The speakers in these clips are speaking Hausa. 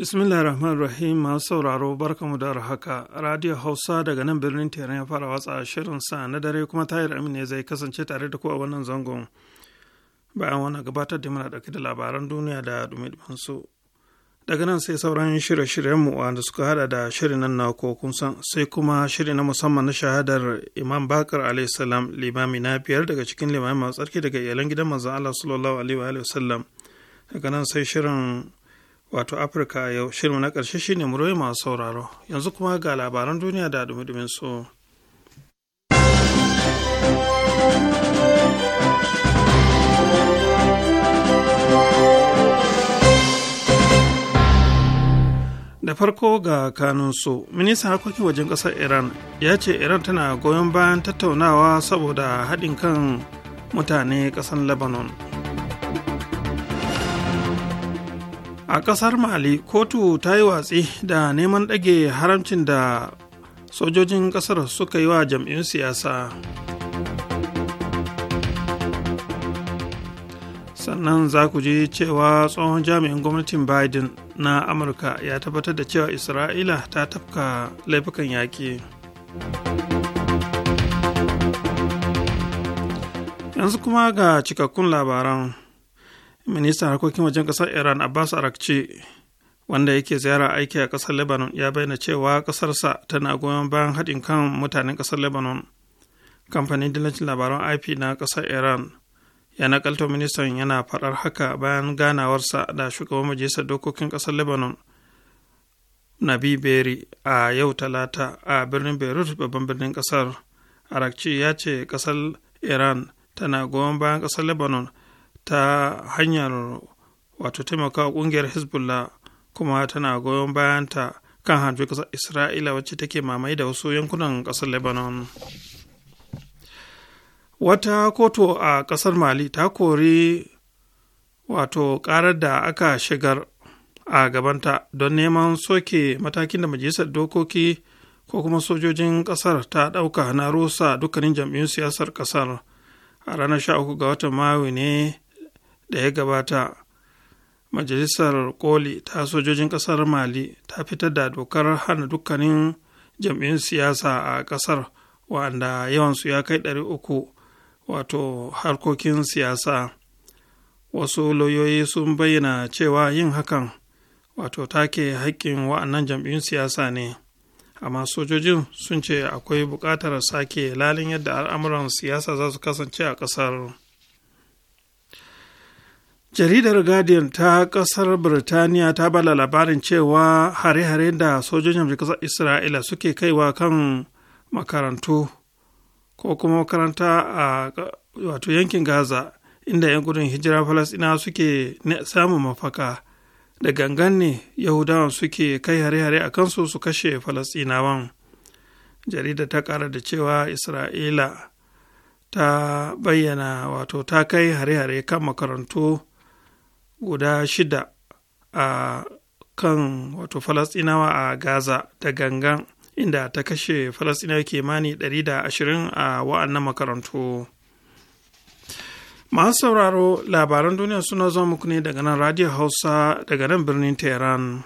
Bismillahirrahmanirrahim rahim masu sauraro barkamu da haka radio hausa daga nan birnin teran ya fara watsa shirin sa na dare kuma tayar amin ne zai kasance tare da ku a wannan zangon bayan wani gabatar da muna ɗauke da labaran duniya da dumin su daga nan sai sauran shirye shiryen mu wanda suka hada da shirin nan na kun san sai kuma shiri na musamman na shahadar imam bakar salam limami na biyar daga cikin limami masu tsarki daga iyalan gidan manzon allah sallallahu alaihi wa sallam daga nan sai shirin wato afirka yau shirin na ƙarshe shine murai masu sauraro yanzu kuma ga labaran duniya da dumi su. da farko ga su ministan harkokin wajen ƙasar iran ya ce iran tana goyon bayan tattaunawa saboda haɗin kan mutane ƙasar lebanon a ƙasar mali kotu ta yi watsi da neman ɗage haramcin da sojojin ƙasar suka yi wa jam'in siyasa sannan za ku ji cewa tsohon jami'in gwamnatin biden na amurka ya tabbatar da cewa isra'ila ta tafka laifukan yaƙi yanzu kuma ga cikakkun labaran ministan harkokin wajen kasar iran abbas arakci wanda yake ziyara aiki a kasar lebanon ya bayyana cewa kasarsa tana goyon bayan haɗin kan mutanen kasar lebanon kamfanin dillacin labaran ip na kasar iran ya nakalto ministan yana faɗar haka bayan ganawarsa da shugaban majalisar dokokin kasar lebanon nabi beri a yau talata a birnin beirut babban birnin kasar arakci ya ce kasar iran tana goyon bayan kasar lebanon ta hanyar wato taimakawa ƙungiyar hezbollah kuma tana goyon bayanta kan hanfi ƙasar isra'ila wacce take mamaye da wasu yankunan ƙasar lebanon wata kotu a ƙasar mali ta kori wato ƙarar da aka shigar a gabanta don neman soke matakin da majalisar dokoki ko kuma sojojin ƙasar ta ɗauka na rusa dukkanin jam'iyyun siyasar ƙasar a ranar 13 ga watan mayu ne da ya gabata majalisar koli ta sojojin ƙasar mali ta fitar da dokar hana dukkanin jam'iyyun siyasa a ƙasar wa'anda yawansu ya kai ɗari uku wato harkokin siyasa wasu lauyoyi sun bayyana cewa yin hakan wato take haƙƙin wa'annan jam'iyyun siyasa ne amma sojojin sun ce akwai buƙatar sake lalin yadda al'amuran siyasa za su kasance a ƙasar jaridar guardian ta ƙasar birtaniya ta bala labarin cewa hare-hare da sojojin amurka kasar isra'ila suke kaiwa kan makarantu ko kuma makaranta a wato yankin gaza inda 'yan gudun hijira falasina suke samun mafaka da gangan ne Yahudawa suke kai hare-hare a kansu su kashe falasinawan Jaridar ta kara da cewa isra'ila ta bayyana wato ta kai hare-hare kan makarantu guda shida a kan wato falasɗinawa a gaza da gangan inda ta kashe falasɗinawa kimani 120 a wa'annan makarantu masu sauraro labaran duniya suna zuwa muku ne daga nan radio hausa daga nan birnin tehran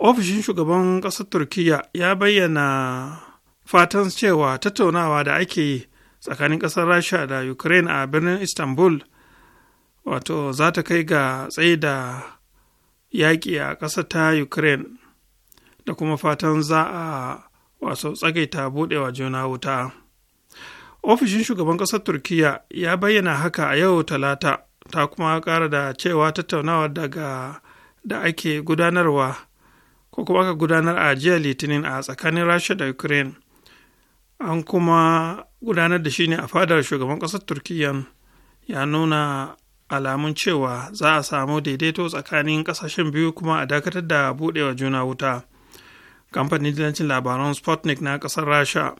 ofishin shugaban ƙasar turkiya ya bayyana fatan cewa tattaunawa da ake yi tsakanin ƙasar rasha da ukraine a birnin istanbul wato za ta kai ga tsaida yaƙi a ƙasa ta ukraine da kuma fatan za a wato tsagaita buɗewa juna wuta ofishin shugaban ƙasar turkiya ya bayyana haka a yau talata ta kuma ƙara da cewa tattaunawa daga da ake gudanarwa ko kuma aka gudanar a jiya litinin a tsakanin rasha da ukraine an kuma gudanar da shi ne a fadar shugaban ƙasar turkiyya ya nuna alamun cewa za a samu daidaito tsakanin kasashen biyu kuma a dakatar da buɗewa juna wuta kamfanin dillancin labaran sputnik na ƙasar rasha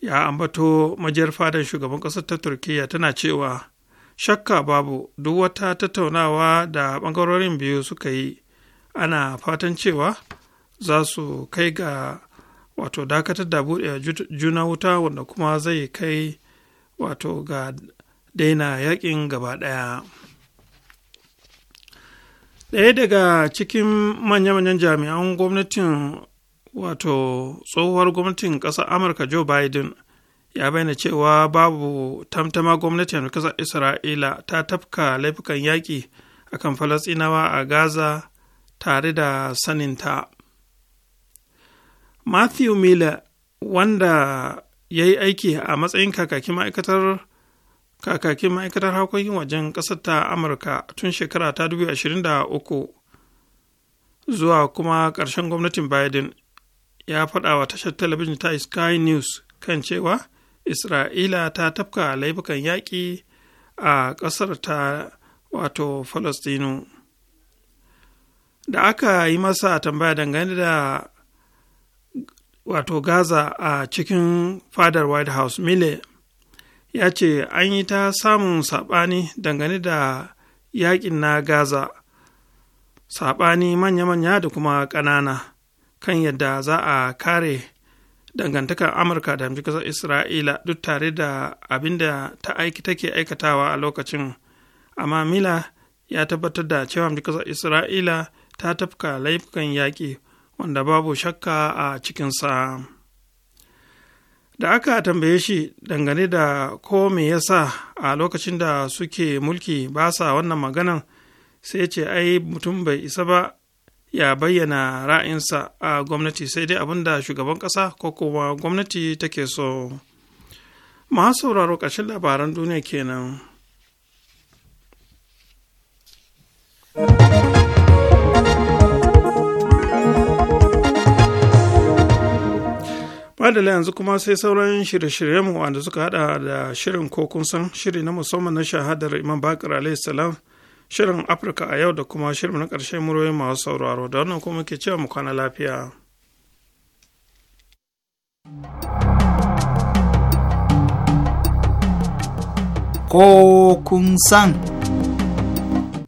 ya ambato majiyar fadar shugaban ƙasar ta turkiyya tana cewa shakka babu duk wata tattaunawa da ɓangarorin biyu suka yi ana fatan cewa za su kai ga wato dakatar da buɗe juna wuta wanda kuma zai kai wato ga daina yakin gaba ɗaya ɗaya daga cikin manya-manyan jami'an gwamnatin wato tsohuwar gwamnatin ƙasar amurka joe biden ya bayyana cewa babu tamtama gwamnati gwamnatin ƙasar isra'ila ta tafka laifukan yaƙi a kan falasinawa a gaza tare da saninta matthew miller wanda ya yi aiki a matsayin kakakin ma'aikatar kakakin ma'aikatar harkokin wajen ƙasar ta amurka tun shekara ta 2023 zuwa kuma ƙarshen gwamnatin biden ya faɗa wa tashar talabijin ta sky news kan cewa isra'ila ta tafka laifukan yaƙi a ƙasar ta wato falastinu da aka yi masa tambaya dangane da wato gaza a cikin fadar white house mille ya ce an yi ta samun saɓani dangane da yaƙin na gaza saɓani manya-manya da kuma ƙanana kan yadda za a kare dangantakar amurka da hamji ƙasar isra'ila duk tare da abin da ta aiki take aikatawa a lokacin amma mila ya tabbatar da cewa hamji ƙasar isra'ila ta tafka laifukan yaƙi wanda babu shakka a cikinsa. da aka tambaye shi dangane da ko me yasa a lokacin da suke mulki ba sa wannan maganan sai ce ai mutum bai isa ba ya bayyana ra'ayinsa a gwamnati sai dai abin da shugaban ƙasa ko kuma gwamnati take so masu sauraro ƙarshen labaran duniya kenan. Madala yanzu kuma sai sauran shirye-shiryenmu wanda suka hada da shirin ko kun san shiri na musamman na shahadar Imam Bakar alayhi salam shirin Afirka a yau da kuma shirin na ƙarshen muroyin masu sauraro da wannan kuma ke cewa mu kwana lafiya. Ko kun san.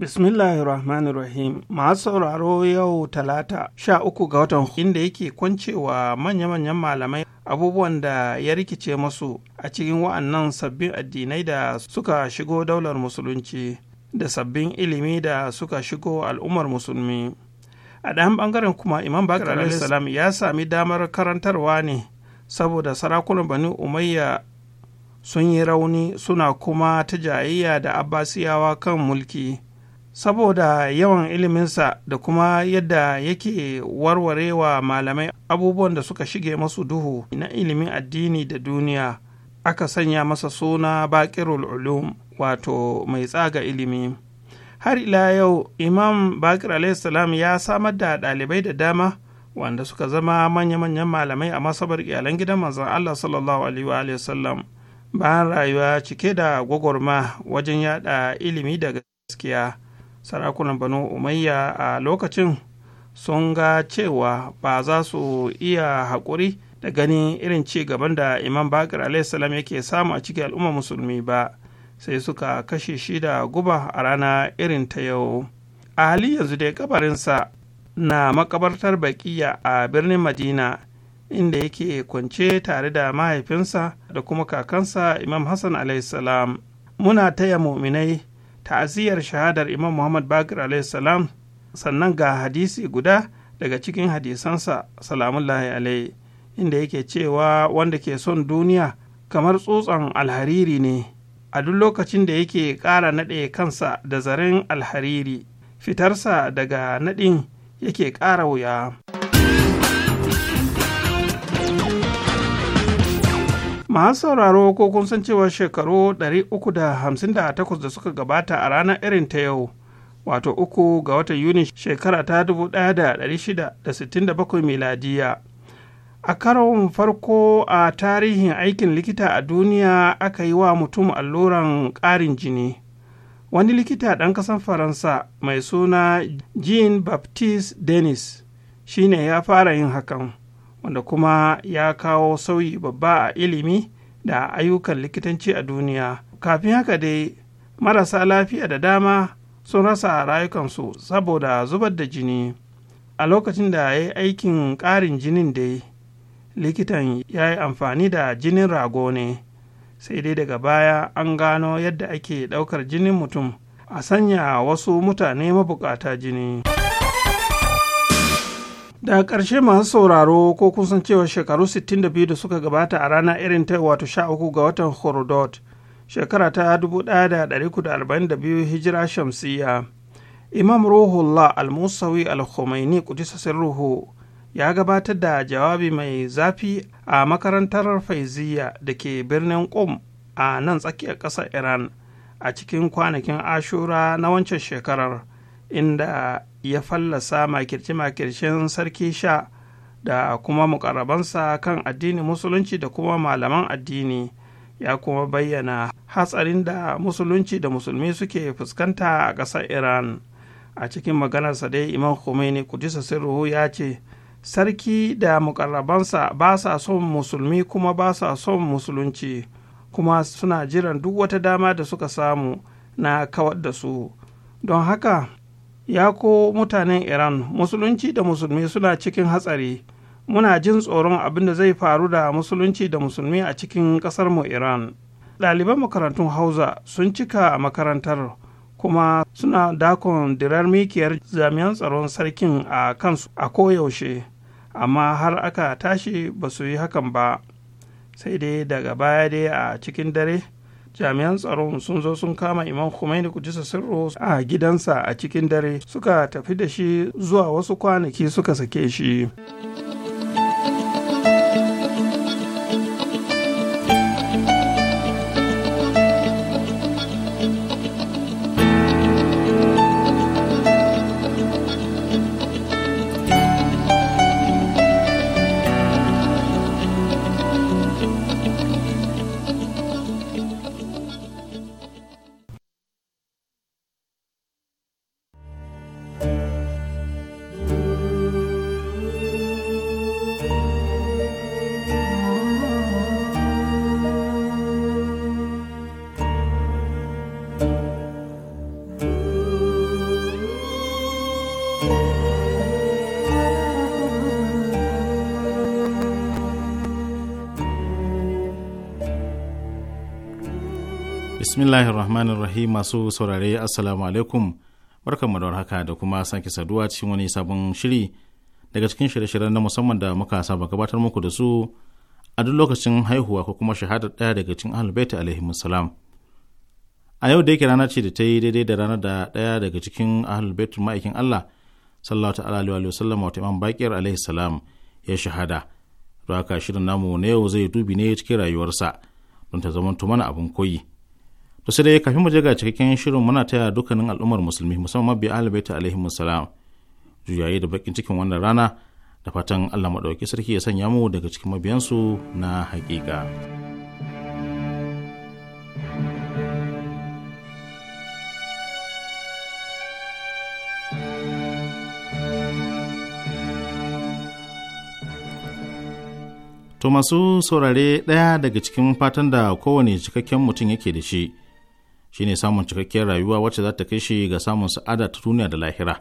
Bismillahir Rahmanir Rahim. Masu sauraro yau talata sha uku ga watan inda yake kwancewa manya-manyan malamai abubuwan da ya rikice masu a cikin wa'annan sabbin addinai da suka shigo daular musulunci da sabbin ilimi da suka shigo al'ummar musulmi. A ɗan ɓangaren kuma Imam Bakar salam ya sami damar karantarwa ne saboda sarakunan Bani Umayya sun yi rauni suna kuma ta jayayya da Abbasiyawa kan mulki. saboda yawan iliminsa da kuma yadda yake warwarewa malamai abubuwan da suka shige masu duhu na ilimin addini da duniya aka sanya masa suna bakirul ulum wato mai tsaga ilimi har ila yau imam bakir salam ya samar da ɗalibai da dama wanda suka zama manya-manyan malamai a masabar iyalan gidan manzon allah sallallahu alaihi wasallam bayan rayuwa cike da gwagwarma wajen yada ilimi da gaskiya sarakunan banu umayya a lokacin sun ga cewa ba za su iya haƙuri da ganin irin ci gaban da imam bakir salam yake samu a cikin al'ummar musulmi ba sai suka kashe shi da guba a rana irin ta yau a hali yanzu dai kabarinsa na makabartar bakiya a birnin madina inda yake kwance tare da mahaifinsa da kuma kakansa imam hassan salam muna taya muminai ta'aziyar shahadar imam muhammad bakir salam sannan ga hadisi guda daga cikin hadisansa salamullahi alaihi inda yake cewa wanda ke son duniya kamar tsutsan alhariri ne a duk lokacin da yake ƙara naɗe kansa da zaren alhariri fitarsa daga naɗin yake ƙara wuya masu sauraro ko kun san cewa shekaru 358 da suka gabata a ranar irin ta yau wato uku ga watan yuni shekara ta 1667 miladiya a karon farko a tarihin aikin likita a duniya aka yi wa mutum alluran ƙarin jini wani likita ɗan ƙasar faransa mai suna jean baptiste denis shine ya fara yin hakan wanda kuma ya kawo sauyi babba a ilimi da ayyukan likitanci a duniya kafin haka dai marasa lafiya da dama sun rasa rayukansu saboda zubar da jini a lokacin da ya yi aikin ƙarin jinin dai likitan ya yi amfani da jinin rago ne sai dai daga baya an gano yadda ake ɗaukar jinin mutum a sanya wasu mutane mabukata jini. da ƙarshe masu sauraro ko kun cewa shekaru 62 da suka gabata a rana irin ta wato 13 ga watan horodot shekara ta 1942 hijira shamsiya imam ruhullah al-musawi al-khomeini kudisa sirruhu ya gabatar da jawabi mai zafi a makarantar faiziya da ke birnin qom a nan tsakiyar ƙasar iran a cikin kwanakin ashura na wancan shekarar inda ya fallasa makirce-makircen sarki sha da kuma mukarabansa kan addini musulunci da kuma malaman addini ya kuma bayyana hatsarin da musulunci da musulmi suke fuskanta a ƙasar iran a cikin maganarsa dai imam khomeini kudisa sirruhu ya ce sarki da mukarrabansa ba sa son musulmi kuma ba sa son musulunci kuma suna jiran duk wata dama da suka samu na kawar da su don haka ya ko mutanen iran musulunci da musulmi suna cikin hatsari muna jin tsoron abin da zai faru da musulunci da musulmi a cikin ƙasarmu iran ɗaliban makarantun hausa sun cika a makarantar kuma suna dakon dirar mikiyar jami'an tsaron sarkin a kansu a koyaushe amma har aka tashi ba su yi hakan ba sai dai daga baya dai a cikin dare jami'an tsaro sun zo sun kama imam Khomeini kudisa sirro a gidansa a cikin dare suka tafi da shi zuwa wasu kwanaki suka sake shi. rahmanin rahim masu saurare assalamu alaikum barkanmu da haka da kuma sake saduwa cikin wani sabon shiri daga cikin shirye-shiryen na musamman da muka saba gabatar muku da su a duk lokacin haihuwa ko kuma shahada ɗaya daga cikin albaita alaihi salam a yau da yake rana ce da ta yi daidai da ranar da daya daga cikin albaita ma'aikin Allah sallallahu ta'ala alaihi wa sallam imam baqir alaihi salam ya shahada to haka shirin namu na yau zai dubi ne cikin rayuwarsa don ta zama mana abin koyi to sai dai kafin mu je ga cikakken shirin muna taya dukkanin al'ummar musulmi musamman mabbi alibaita ta salam juyayi da bakin cikin wannan rana da fatan Allah maɗauki sarki ya sanya mu daga cikin mabiyansu na haƙiƙa. To masu saurare ɗaya daga cikin fatan da kowane cikakken mutum yake da shi. shi ne samun cikakkiyar rayuwa wacce za ta kai shi ga samun sa'ada ta duniya da lahira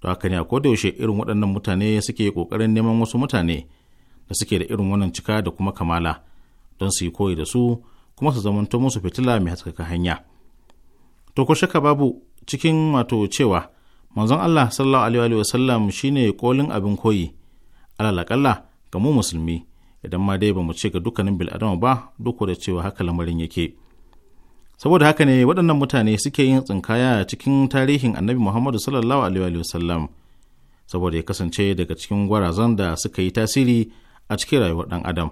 to haka ne a yaushe irin waɗannan mutane suke ƙoƙarin neman wasu mutane da suke da irin wannan cika da kuma kamala don su yi koyi da su kuma su zamanto musu fitila mai haskaka hanya to ko shaka babu cikin wato cewa manzon Allah sallallahu alaihi wa sallam shine kolin abin koyi alalakalla ga mu musulmi idan ma dai bamu ce ga dukkanin bil'adama ba duk da cewa haka lamarin yake saboda haka ne waɗannan mutane suke yin tsinkaya cikin tarihin annabi muhammadu sallallahu alaihi wasallam saboda ya kasance daga cikin gwarazan da suka yi tasiri a cikin rayuwar ɗan adam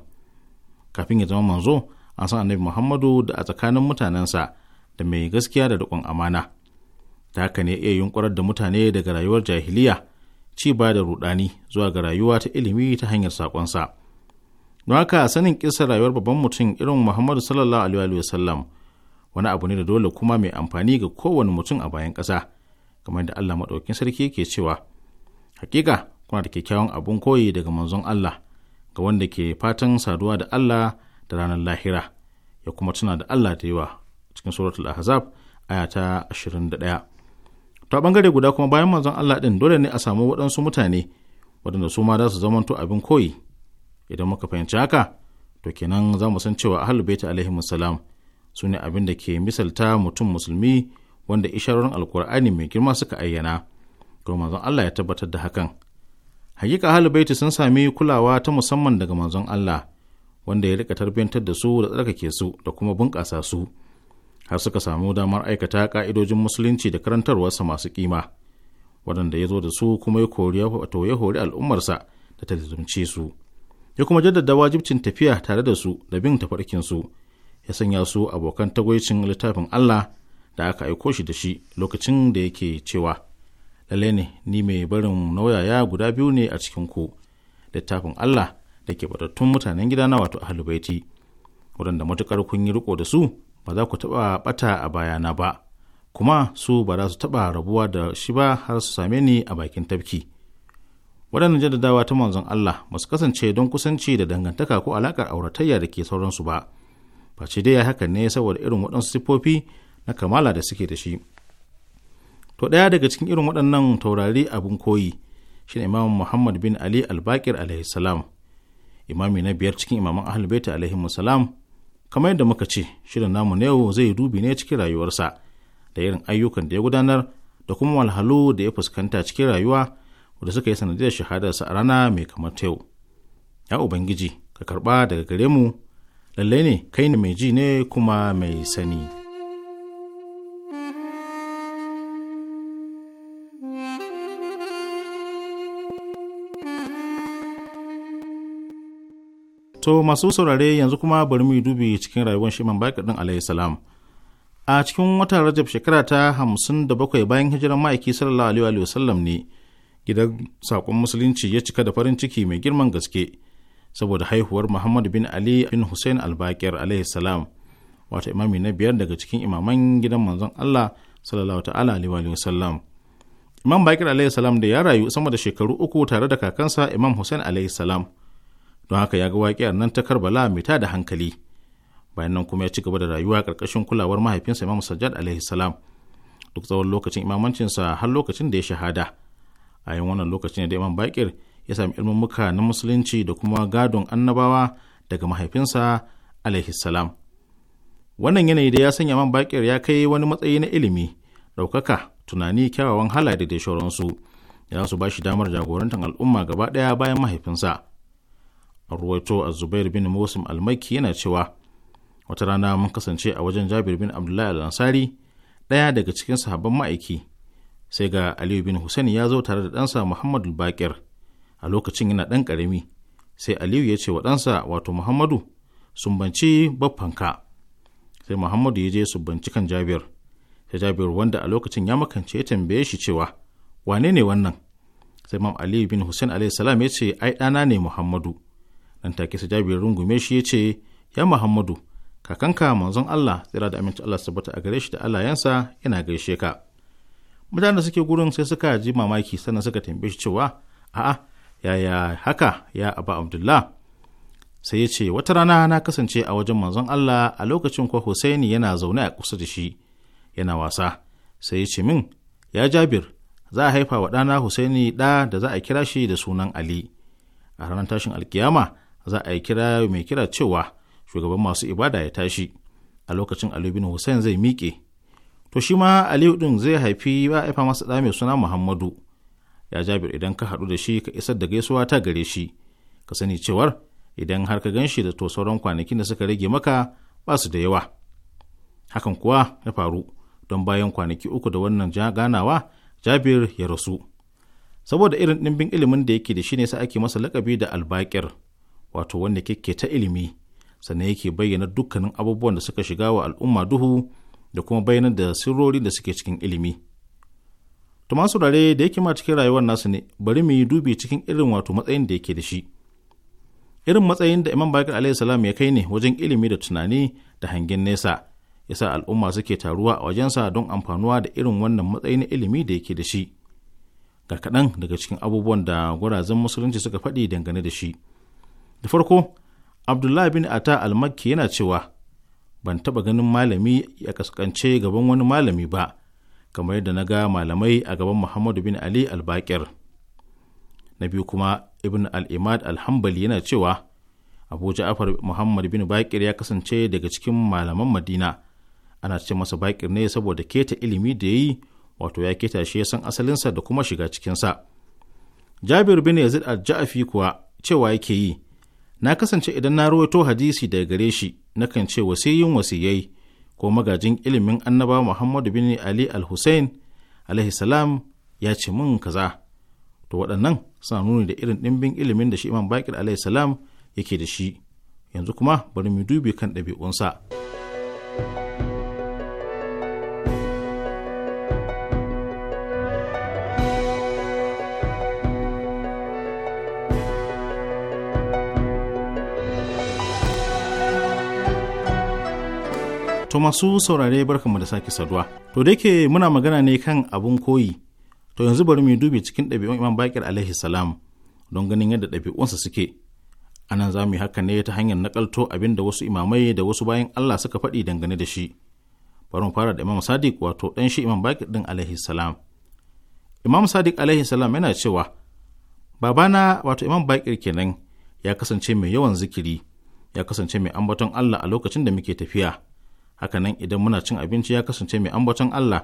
kafin ya zama manzo an san annabi muhammadu da a tsakanin mutanensa da mai gaskiya da riƙon amana ta haka ne iya yunkurar da mutane daga rayuwar jahiliya ci ba da rudani zuwa ga rayuwa ta ilimi ta hanyar saƙonsa don haka sanin kisa rayuwar babban mutum irin muhammadu sallallahu alaihi wasallam wani abu ne da dole kuma mai amfani ga kowane mutum a bayan ƙasa kamar da Allah maɗaukin sarki ke cewa hakika kuna da kyakkyawan abun koyi daga manzon Allah ga wanda ke fatan saduwa da Allah da ranar lahira ya kuma tuna da Allah da yawa cikin suratul ahzab aya ta 21 to a bangare guda kuma bayan manzon Allah din dole ne a samu waɗansu mutane waɗanda su ma za su zamanto abin koyi idan muka fahimci haka to kenan za mu san cewa ahlul baiti alaihimus salam su ne abin da ke misalta mutum musulmi wanda isharorin alkur'ani mai girma suka ayyana kuma manzon Allah ya tabbatar da hakan hakika ahlul baiti sun sami kulawa ta musamman daga manzon Allah wanda ya rika tarbiyantar da su da tsarkake su da kuma bunƙasa su har suka samu damar aikata ka'idojin musulunci da karantarwarsa masu kima waɗanda ya zo da su kuma ya kori wato ya hori al'ummarsa da ta su ya kuma jaddada wajibcin tafiya tare da su da bin tafarkin su ya sanya su abokan tagoicin littafin Allah da aka aiko shi da shi lokacin da yake cewa lalle ne ni mai barin nauyaya guda biyu ne a cikin ku littafin Allah da ke batattun mutanen gida na wato ahlul baiti waɗanda matuƙar kun yi riko da su ba za ku taɓa ɓata a bayana ba kuma su ba za su taɓa rabuwa da shi ba har su same ni a bakin tafki waɗannan jaddadawa ta manzon Allah ba su kasance don kusanci da dangantaka ko alaƙar auratayya da ke sauransu ba face dai ya hakan ne saboda irin waɗansu siffofi na kamala da suke da shi to ɗaya daga cikin irin waɗannan taurari abin koyi shi ne imam muhammad bin ali albakir alaihi salam imami na biyar cikin imaman ahlul baiti alaihi salam kamar yadda muka ce shirin namu na yau zai dubi ne cikin rayuwarsa da irin ayyukan da ya gudanar da kuma walhalu da ya fuskanta cikin rayuwa wanda suka yi sanadiyar shahadarsa a rana mai kamar ta yau ya ubangiji ka karba daga gare mu lallai ne kai ne mai ji ne kuma mai sani. To masu saurare yanzu kuma bari mu dubi cikin rayuwar Shiman baki din alayhi salam. A cikin watan Rajab shekara ta hamsin da bakwai bayan hijiran ma'aiki sallallahu alaihi wa sallam ne gidan saƙon musulunci ya cika da farin ciki mai girman gaske saboda haihuwar Muhammad bin Ali bin Hussein al-Baqir alaihi salam wato imami na biyar daga cikin imaman gidan manzon Allah sallallahu ta'ala alaihi wa sallam Imam Baqir alaihi salam da ya rayu sama da shekaru uku tare da kakansa Imam Hussein alaihi salam don haka ya ga waƙiyar nan ta Karbala mai ta da hankali bayan nan kuma ya ci gaba da rayuwa karkashin kulawar mahaifinsa Imam Sajjad alaihi salam duk tsawon lokacin imamancinsa har lokacin da ya shahada a yin wannan lokacin da Imam Baqir ya sami ilmummuka na musulunci da kuma gadon annabawa daga mahaifinsa alaihi wannan yanayi da ya sanya man bakir ya kai wani matsayi na ilimi ɗaukaka tunani kyawawan hala da shauransu ya su ba shi damar jagorantar al'umma gaba ɗaya bayan mahaifinsa a ruwaito a zubair bin musim almaki yana cewa wata rana mun kasance a wajen jabir bin abdullahi al-ansari ɗaya daga cikin sahabban ma'aiki sai ga aliyu bin husaini ya zo tare da ɗansa muhammadu bakir a lokacin yana ɗan ƙarami sai aliyu ya ce wa ɗansa wato muhammadu sumbanci baffanka sai muhammadu ya je sumbanci kan jabir sai jabir wanda a lokacin ya makance ya tambaye shi cewa wane ne wannan sai mam aliyu bin hussein salam ya ce ai ɗana ne muhammadu nan take sai jabir rungume shi ya ce ya muhammadu kakanka manzon allah tsira da aminci allah bata a gare shi da alayensa yana gaishe ka mutanen da suke gurin sai suka ji mamaki sannan suka tambaye shi cewa a'a yaya haka ya aba abdullah sai ya ce wata rana na kasance a wajen manzon Allah a lokacin kwa Hussaini yana zaune a kusa da shi yana wasa sai ya ce min ya Jabir za a haifa wa ɗana Hussaini ɗa da za a kira shi da sunan Ali a ranar tashin alkiyama za a yi kira mai kira cewa shugaban masu ibada ya tashi a lokacin Ali bin Hussein zai miƙe to shi ma Aliyu din zai haifi ba a haifa masa ɗa mai suna Muhammadu ya jabir idan ka haɗu da shi ka isar da gaisuwa ta gare shi ka sani cewar idan har ka ganshi da to sauran kwanakin da suka rage maka ba su da yawa hakan kuwa ya faru don bayan kwanaki uku da wannan ganawa jabir ya rasu saboda irin ɗimbin ilimin da yake da shi ne sa ake masa lakabi da albakir wato wanda kike ta ilimi sannan yake bayyana dukkanin abubuwan da suka shiga wa al'umma duhu da kuma bayanan da sirrori da suke cikin ilimi. To masu rare da yake ma cikin rayuwar nasu ne bari mu yi dubi cikin irin wato matsayin da yake da shi. Irin matsayin da Imam Bakar alayhi salam ya kai ne wajen ilimi da tunani da hangen nesa yasa al'umma suke taruwa a wajensa don amfanuwa da irin wannan matsayin na ilimi da yake da shi. Ga kaɗan daga cikin abubuwan da gwarazan musulunci suka faɗi dangane da shi. Da farko, Abdullahi bin Ata al-Makki yana cewa, Ban taɓa ganin malami ya kaskance gaban wani malami ba, kamar yadda na ga malamai a gaban muhammadu bin ali albakir na biyu kuma ibn al-imad al-hambali yana cewa abu Ja'far muhammad bin bakir ya kasance daga cikin malaman madina ana ce masa bakir ne saboda keta ilimi da ya yi wato ya keta shi ya san asalinsa da kuma shiga cikinsa jabir bin yazid al-ja'afi kuwa cewa yake yi na kasance idan na ruwaito hadisi daga gare shi nakan ce wasiyin wasiyai ko magajin ilimin annaba muhammadu bin ali al-hussein alaihi salam ya ce mun kaza to waɗannan suna nuni da irin ɗimbin ilimin da shi imam bakir alaihi salam yake da shi yanzu kuma bari mu dubi kan ɗabi'unsa. To masu saurare barkanmu da sake saduwa. To da yake muna magana ne kan abun koyi. To yanzu bari mu dubi cikin ɗabi'un Imam Bakir alaihi salam don ganin yadda ɗabi'unsa suke. Anan za mu yi haka ne ta hanyar nakalto abin da wasu imamai da wasu bayan Allah suka faɗi dangane da shi. Bari mu fara da Imam Sadiq wato ɗan shi Imam Bakir ɗin alaihi salam. Imam Sadiq alaihi salam yana cewa babana wato Imam Bakir kenan ya kasance mai yawan zikiri ya kasance mai ambaton Allah a lokacin da muke tafiya. hakanan idan muna cin abinci ya kasance mai ambaton Allah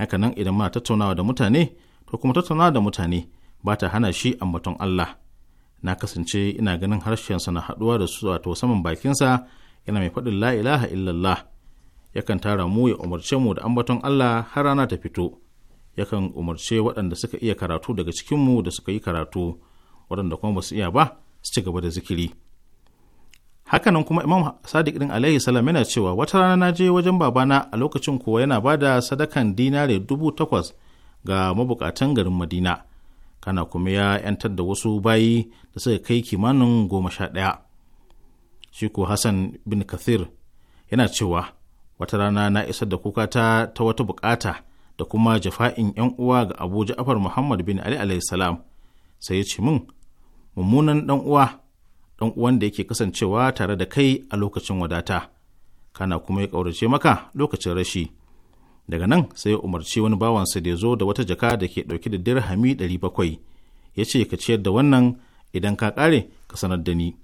hakanan idan muna tattaunawa da mutane to kuma tattaunawa da mutane ba ta hana shi ambaton Allah na kasance ina ganin harshensa na haɗuwa da su wato saman bakinsa yana mai faɗin la ilaha illallah yakan tara mu ya umarce mu da ambaton Allah har rana ta fito yakan umarce waɗanda suka iya karatu daga cikinmu da suka yi karatu waɗanda kuma ba su iya ba su ci gaba da zikiri hakanan kuma imam sadiq din alaihi salam yana cewa wata rana na je wajen babana a lokacin kuwa yana ba da sadakan dinare dubu takwas ga mabukatan garin madina kana kuma ya yantar da wasu bayi da suka kai kimanin goma sha ɗaya shi ko hassan bin kathir yana cewa wata rana na isar da kukata ta wata bukata da kuma jafa'in yan uwa ga abuja ja'far muhammad bin ali alaihi salam sai ya ce min mummunan dan uwa ɗan uwan da yake kasancewa tare da kai a lokacin wadata kana kuma ya ƙaurace maka lokacin rashi daga nan sai ya umarci wani bawansa da ya zo da wata jaka da ke ɗauke da dirhami ɗari bakwai ya ce ka ciyar da wannan idan ka ƙare ka sanar da ni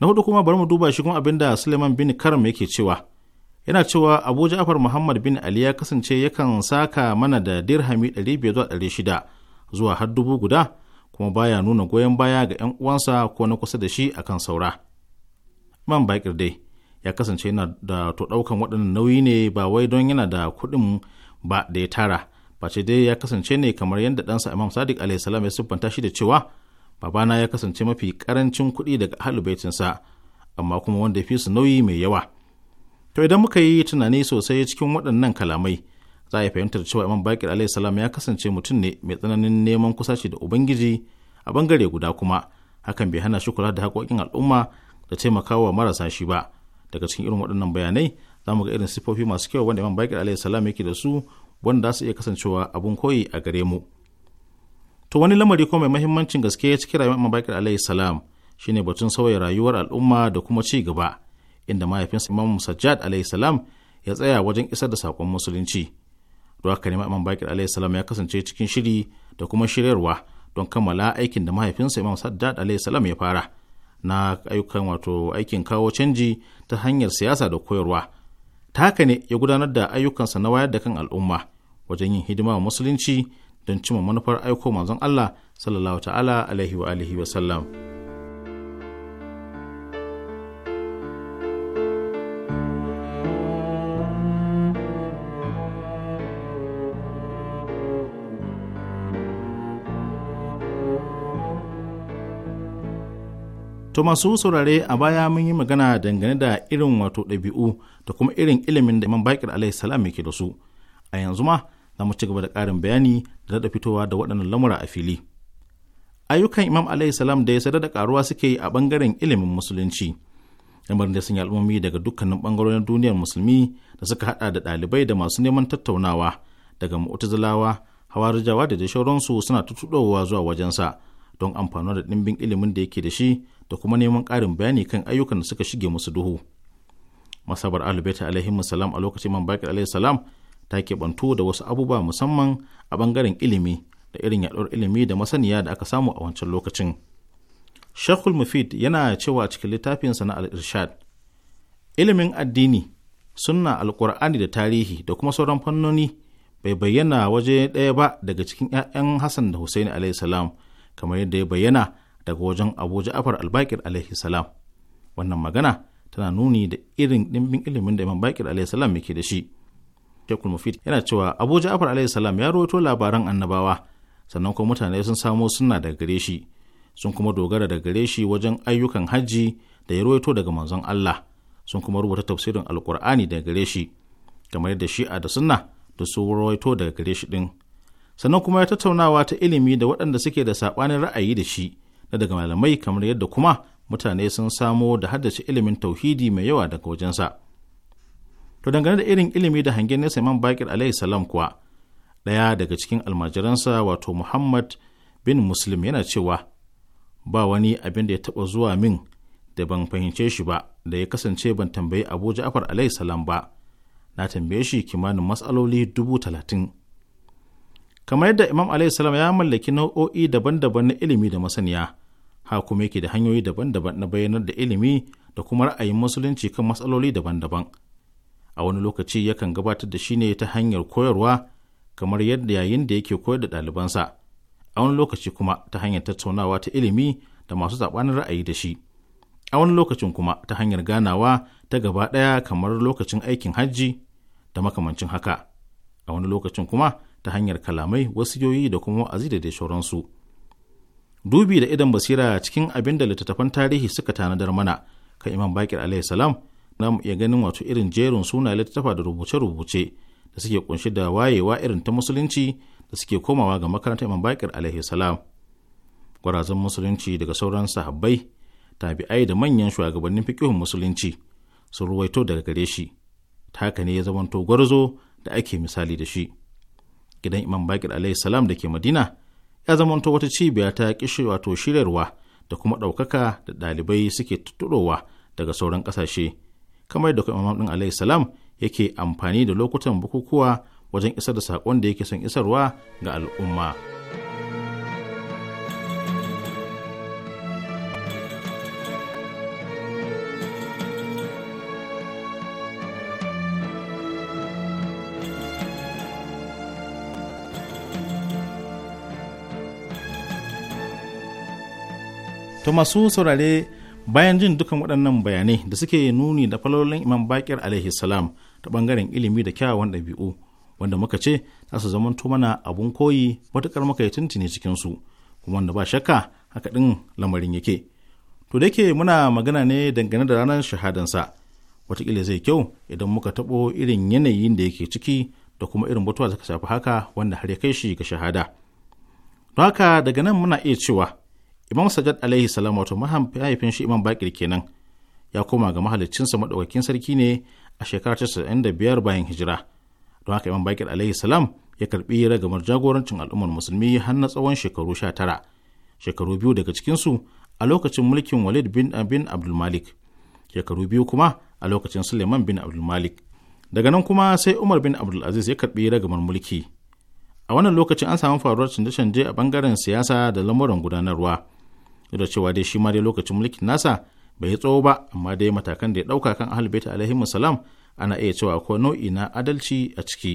na hudu kuma bari mu duba shi kuma abin da suleiman bin karam yake cewa yana cewa abu ja'far muhammad bin ali ya kasance yakan saka mana da dirhami shida zuwa har dubu guda kuma baya nuna goyon baya ga 'yan uwansa ko na kusa da shi akan saura. Man baƙir dai ya kasance yana da to ɗaukan waɗannan nauyi ne ba wai don yana da kuɗin ba da ya tara, face dai ya kasance ne kamar yadda ɗansa Imam Sadiq alaihi salam ya siffanta shi da cewa babana ya kasance mafi ƙarancin kuɗi daga ahlul baitinsa amma kuma wanda ya fi su nauyi mai yawa. To idan muka yi tunani sosai cikin waɗannan kalamai za a fahimtar cewa imam bakir alayhi salam ya kasance mutum ne mai tsananin neman kusaci da ubangiji a bangare guda kuma hakan bai hana shi kula da haƙoƙin al'umma da taimakawa marasa shi ba daga cikin irin waɗannan bayanai za mu ga irin sifofi masu kyau wanda imam bakir alayhi salam yake da su wanda za su iya kasancewa abun koyi a gare mu to wani lamari ko mai mahimmancin gaske cikin rayuwar imam bakir alayhi salam shine batun sauya rayuwar al'umma da kuma ci gaba inda mahaifinsa imam sajjad alayhi salam ya tsaya wajen isar da saƙon musulunci don haka ne imam bakir alayhi salam ya kasance cikin shiri da kuma shiryarwa don kammala aikin da mahaifinsa imam saddad alayhi salam ya fara na ayyukan wato aikin kawo canji ta hanyar siyasa da koyarwa ta haka ne ya gudanar da ayyukansa na wayar da kan al'umma wajen yin hidima wa musulunci don cimma manufar aiko manzon Allah sallallahu alaihi wa alihi wa sallam. To masu saurare a baya mun yi magana dangane da irin wato ɗabi'u da kuma irin ilimin da Imam Bakir Alayhi salam yake da su. A yanzu ma za mu ci gaba da karin bayani da daɗa fitowa da waɗannan lamura a fili. Ayyukan Imam Alayhi salam da ya sadar da ƙaruwa suke yi a ɓangaren ilimin musulunci. Lamarin da sun yi al'ummomi daga dukkanin ɓangarorin duniyar musulmi da suka haɗa da ɗalibai da masu neman tattaunawa daga mu'tazilawa, hawarijawa da dai sauransu suna tutuɗowa zuwa wajensa. don amfani da ɗimbin ilimin da yake da shi da kuma neman ƙarin bayani kan ayyukan da suka shige musu duhu masabar alubaita alaihi salam a lokacin man bakir alaihi salam ta keɓanto da wasu abubuwa musamman a ɓangaren ilimi da irin yaɗuwar ilimi da masaniya da aka samu a wancan lokacin shekul mufid yana cewa a cikin littafinsa na al-irshad ilimin addini sunna alkur'ani da tarihi da kuma sauran fannoni bai bayyana waje ɗaya ba daga cikin 'ya'yan hassan da husaini alaihi salam kamar yadda ya bayyana daga wajen abu al albakir alaihi salam wannan magana tana nuni da irin dimbin ilimin da imam bakir alaihi salam yake da shi Sheikhul mufid yana cewa abu Ja'far alaihi salam ya rawaito labaran annabawa sannan kuma mutane sun samo sunna daga gare shi sun kuma dogara daga gare shi wajen ayyukan hajji da ya rawaito daga manzon Allah sun kuma rubuta tafsirin alkur'ani daga gare shi kamar yadda shi'a da sunna da su rawaito daga gare shi din sannan kuma ya tattaunawa ta ilimi da waɗanda suke da saɓanin ra'ayi da shi na daga malamai kamar yadda kuma mutane sun samo da haddace ilimin tauhidi mai yawa daga wajensa. To dangane da irin ilimi da hangen nesa Imam Bakir alaihi salam kuwa ɗaya daga cikin almajiransa wato Muhammad bin Muslim yana cewa ba wani abin da ya taɓa zuwa min da ban fahimce shi ba da ya kasance ban tambayi Abu Ja'far alaihi salam ba na tambaye shi kimanin matsaloli dubu talatin kamar yadda imam salam ya mallaki nau'o'i daban-daban na ilimi da masaniya hakuma yake da hanyoyi daban-daban na bayyanar da ilimi da kuma ra'ayin musulunci kan matsaloli daban-daban a wani lokaci yakan gabatar da shi ne ta hanyar koyarwa kamar yadda yayin da yake koyar da ɗalibansa a wani lokaci kuma ta hanyar tattaunawa ta ilimi da masu zaɓanin ra'ayi da shi a wani lokacin kuma ta hanyar ganawa ta gaba ɗaya kamar lokacin aikin hajji da makamancin haka a wani lokacin kuma ta hanyar kalamai wasiyoyi da kuma wa'azi da dai sauransu dubi da idan basira cikin abin da littattafan tarihi suka tanadar mana kan imam bakir alaihi salam na mu iya ganin wato irin jerin suna littattafa da rubuce-rubuce da suke kunshi da wayewa irin ta musulunci da suke komawa ga makarantar imam bakir alaihi salam gwarazan musulunci daga sauran sahabbai tabi'ai da manyan shugabannin fikihun musulunci sun ruwaito daga gare shi ta haka ne ya zamanto gwarzo da ake misali da shi gidan imam bakir alayhi salam da ke madina ya zamanto wata cibiya ta kishi wato shiryarwa da kuma ɗaukaka da ɗalibai suke tuturowa daga sauran ƙasashe kamar da kuma imam ɗin alaihi salam yake amfani da lokutan bukukuwa wajen isar da saƙon da yake son isarwa ga al'umma. to masu saurare bayan jin dukan waɗannan bayanai da suke nuni da falolin imam bakir alaihi salam ta ɓangaren ilimi da kyawawan ɗabi'u wanda muka ce za su zamanto mana abun koyi matuƙar muka yi tuntuni cikinsu kuma wanda ba shakka haka ɗin lamarin yake to da ke muna magana ne dangane da ranar shahadansa watakila zai kyau idan muka taɓo irin yanayin da yake ciki da kuma irin batuwa da suka shafi haka wanda har ya kai shi ga shahada. Don haka daga nan muna iya cewa imam sajjad alaihi salam wato mahaifin shi imam bakir kenan ya koma ga mahaliccinsa madaukakin sarki ne a shekarar 95 bayan hijira don haka imam bakir alaihi salam ya karbi ragamar jagorancin al'ummar musulmi har na tsawon shekaru sha-tara shekaru biyu daga cikinsu a lokacin mulkin walid bin bin abdulmalik shekaru biyu kuma a lokacin suleiman bin abdulmalik daga nan kuma sai umar bin abdulaziz ya karbi ragamar mulki a wannan lokacin an samu faruwar canje-canje a bangaren siyasa da lamuran gudanarwa da cewa dai shi ma dai lokacin mulkin nasa bai tsawo ba amma dai matakan da ya ɗauka kan ahal alaihi ana iya cewa ko nau'i na adalci a ciki